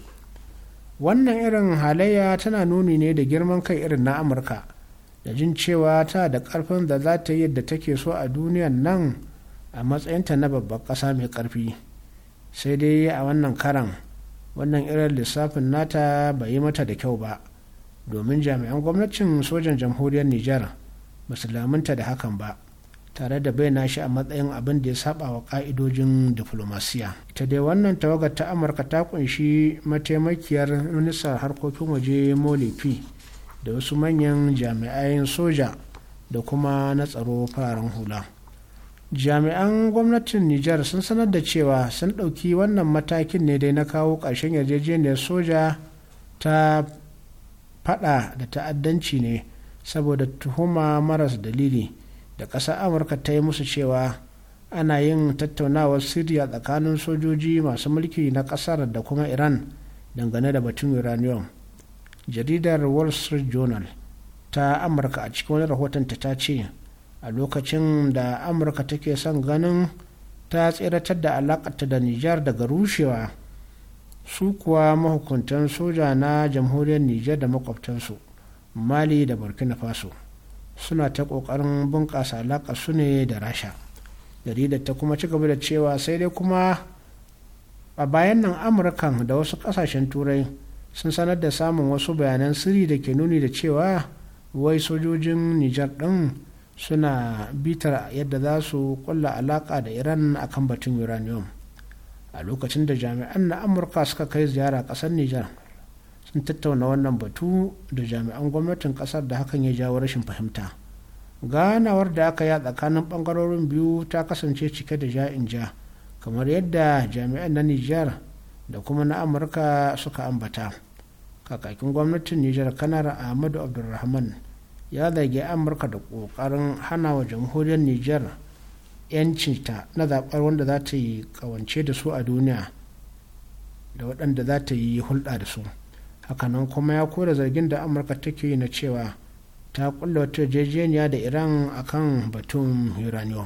Speaker 1: wannan irin halayya tana nuni ne da girman kai irin na amurka da jin cewa ta da ƙarfin da za ta yi yadda take so a duniyan nan a matsayinta na babban ƙasa mai ƙarfi sai dai a wannan karan wannan irin lissafin nata bai yi mata da kyau ba domin jami'an gwamnatin sojan jamhuriyar nijar lamunta da hakan ba tare da bai shi a matsayin abin da ya saba wa ka'idojin diflomasiya ita dai wannan tawagar ta amurka ta kunshi mataimakiyar ministan harkokin waje molipi da wasu manyan jami'ain soja da kuma na tsaro fararen hula jami'an gwamnatin nijar sun sanar da cewa sun ɗauki wannan matakin ne dai na kawo ƙarshen yarjejeniyar soja ta fada da ta'addanci ne saboda tuhuma maras dalili da ƙasar amurka ta yi musu cewa ana yin tattaunawar siriya tsakanin sojoji masu mulki na ƙasar da kuma iran dangane da batun uranium jaridar wall street journal ta amurka a cikin wani rahotonta ta ce a lokacin da amurka take son ganin ta tseratar da alakata da nijar daga rushewa su kuwa mahukuntan soja na jamhuriyar nijar da makwabtansu mali da burkina faso suna ta kokarin bunƙasa alaƙa su ne da rasha jaridar ta kuma ci gaba da cewa sai dai kuma a bayan nan amurkan da wasu ƙasashen turai sun sanar da samun wasu bayanan sirri da ke nuni da cewa wai sojojin nijar ɗin suna bitar yadda za su kulla alaƙa da iran a kan batun uranium a lokacin da jami'an na amurka suka kai ziyara ƙasar nijar sun tattauna wannan batu da jami'an gwamnatin ƙasar da hakan ya jawo rashin fahimta ganawar da aka yi a tsakanin ɓangarorin biyu ta kasance cike da ja'in ja kamar yadda jami'an na nijar da kuma na amurka suka ambata kakakin gwamnatin nijar kanar ahmadu abdulrahman ya zage amurka da kokarin hana wa jamhuriyar nijar yancinta na zaɓar wanda za ta yi kawance da su a duniya da waɗanda za ta yi hulɗa da su hakanan kuma ya kore zargin da amurka take yi na cewa ta kulle wata yarjejeniya da iran akan batun uranium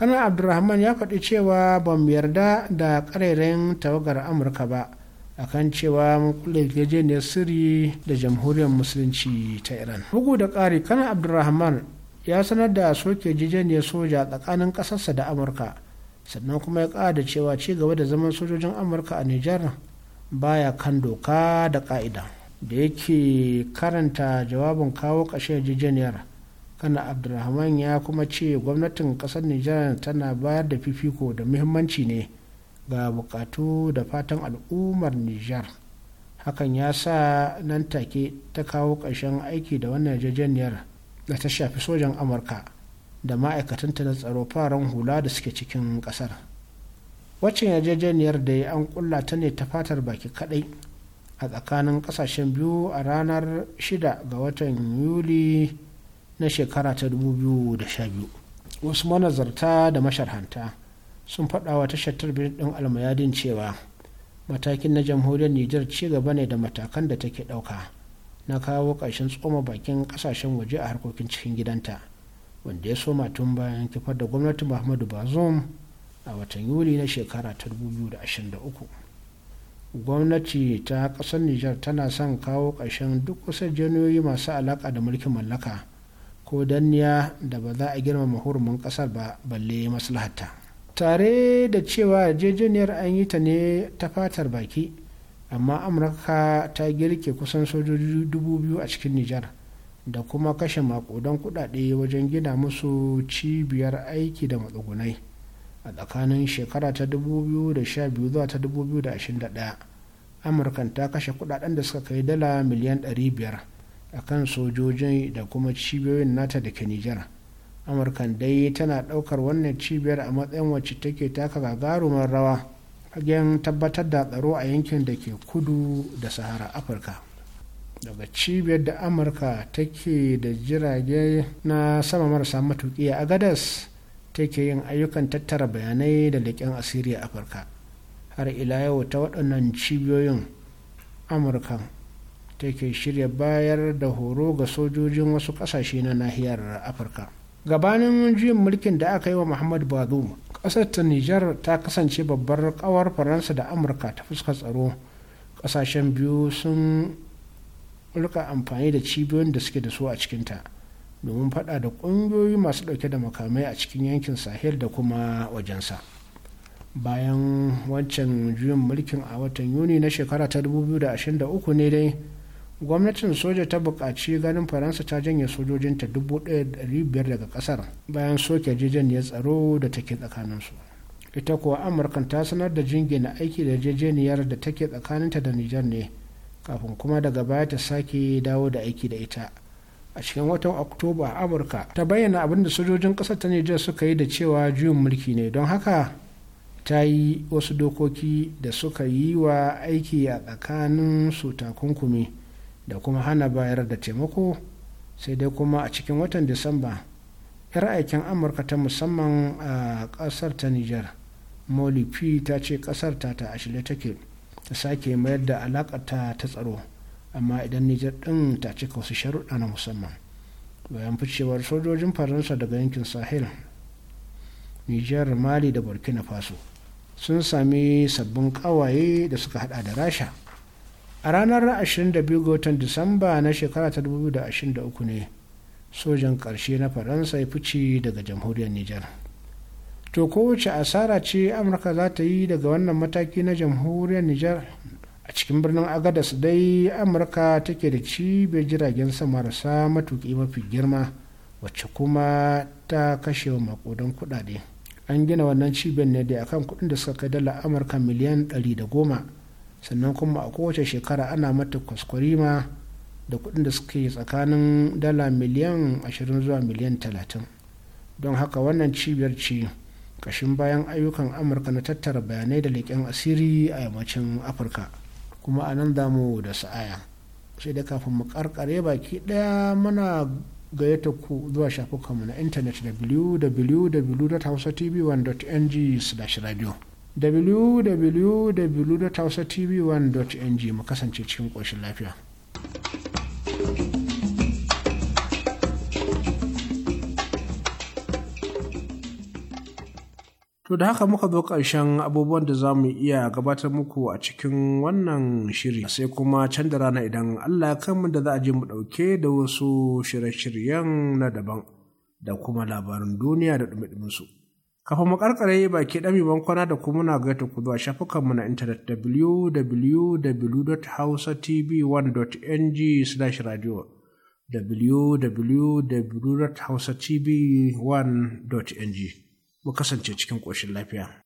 Speaker 1: kanar abdulrahman ya faɗi cewa ba mu yarda da ƙararren tawagar amurka ba akan cewa mun kulle sirri da jamhuriyar musulunci ta iran bugu da ƙari kanar abdulrahman ya sanar da soke ne soja tsakanin ƙasarsa da amurka sannan kuma ya ƙara da cewa ci gaba da zaman sojojin amurka a nijar baya kan doka da ƙa'ida da yake karanta jawabin kawo ƙashe jijeniyar kana abdulrahman ya kuma ce gwamnatin kasar nijar tana bayar da fifiko da muhimmanci ne ga bukatu da fatan al'ummar nijar hakan ya sa nan take ta kawo ƙarshen aiki da wannan yarjejeniyar da ta shafi sojan amurka da ma'aikatanta na tsaro faran hula da suke cikin ƙasar wacce yarjejeniyar da ya an kulla ta ne ta fatar baki kadai a tsakanin ƙasashen biyu a ranar 6 ga watan yuli na shekara ta 2012 wasu manazarta da masharhanta sun faɗa wa tashar talabijin ɗin almayadin cewa matakin na jamhuriyar nijar ci gaba ne da matakan da take ɗauka na kawo ƙarshen tsoma bakin ƙasashen waje a harkokin cikin gidanta wanda ya soma tun bayan kifar da gwamnatin muhammadu bazoum a watan yuli na shekara ta 2023 gwamnati ta kasar nijar tana son kawo ƙarshen duk wasu janiyoyi masu alaƙa da mulkin mallaka ko danniya da ba za a girmama hurumin kasar ba balle maslahata tare da cewa yarjejeniyar an yi ta ne ta fatar baki amma amurka ta girke kusan sojoji dubu biyu a cikin nijar da kuma kashe makudan kudade wajen gina musu cibiyar aiki da matsugunai a tsakanin shekara ta 2012 zuwa ta 2021 amurkan ta kashe kudaden da suka kai dala miliyan ɗari biyar. a kan sojojin da kuma cibiyoyin nata da ke nijar amurkan dai tana daukar wannan cibiyar a matsayin wacce take taka gagarumar rawa hagen tabbatar da tsaro a yankin da ke kudu da sahara afirka daga cibiyar da amurka take da jirage na sama marasa matuƙi a gadas take yin ayyukan tattara bayanai da leƙen asiri a afirka har ila yau ta waɗannan cibiyoyin amurka take shirya bayar da horo ga sojojin wasu kasashe na nahiyar afirka gabanin juyin mulkin da aka yi wa muhammad bazoum ƙasar ta nijar ta kasance babbar kawar faransa da amurka ta fuskar tsaro ƙasashen biyu sun rika amfani da cibiyoyin da suke da su a cikinta domin fada da ƙungiyoyi masu ɗauke da makamai a cikin yankin sahel da kuma wajensa bayan wancan juyin mulkin a watan yuni na shekara ta 2023 ne dai gwamnatin soja ta buƙaci ganin faransa ta janye sojojinta 1,500 daga ƙasar bayan soke ya tsaro da take tsakaninsu ita kuwa amurkan ta sanar da jingina aiki da jejeniyar da take tsakaninta da nijar ne kafin kuma daga baya ta sake dawo da aiki da ita a cikin watan oktoba a amurka ta bayyana abin da sojojin ƙasar ta nijar suka yi da cewa juyin mulki ne don haka ta yi wasu dokoki da suka yi wa aiki a tsakanin su takunkumi da kuma hana bayar da taimako sai dai kuma a cikin watan disamba yar aikin amurka ta musamman a kasar ta niger molly p ta ce kasar ta ta ashirya take ta sake mayar da alakata ta tsaro amma idan niger din ta cika wasu sharuɗa na musamman bayan ficewar sojojin faransa daga yankin sahel niger mali da burkina faso sun sami sabbin kawaye da suka hada da rasha a ranar 22 ga watan disamba na shekara ta 2023 ne sojan ƙarshe na faransa ya fice daga jamhuriyar nijar to kowace asara ce amurka za ta yi daga wannan mataki na jamhuriyar nijar a cikin birnin agadas dai amurka take da cibiyar jiragen sama marasa matuƙi mafi girma wacce kuma ta kashe wa makudan kudade an gina wannan cibiyar ne da akan kuɗin da suka kai dala amurka miliyan 110 sannan kuma a kowace shekara ana mata kwaskwarima da kuɗin da suke tsakanin dala miliyan 20 zuwa miliyan 30 don haka wannan cibiyar ce kashin bayan ayyukan amurka na tattara bayanai da leƙen asiri a yammacin afirka kuma a nan damu da sa'aya sai da kafin mu karkare baki daya muna gayyata ku zuwa shafukanmu na intanet www.hausatv1.ng/radio www.hausatv1.ng mu kasance cikin ƙoshin lafiya. To da haka muka zo ƙarshen abubuwan da za mu iya gabatar muku a cikin wannan shiri sai kuma can da rana idan Allah ya mu da za a je mu ɗauke da wasu shirye-shiryen na daban da kuma labarin duniya da ɗumi su. Kafa makarkare baki ɗami bankwana da kuma na gaita ku zuwa shafukanmu na intanet www.hausatv1.ng/radio www.hausatv1.ng mu kasance cikin ƙoshin lafiya.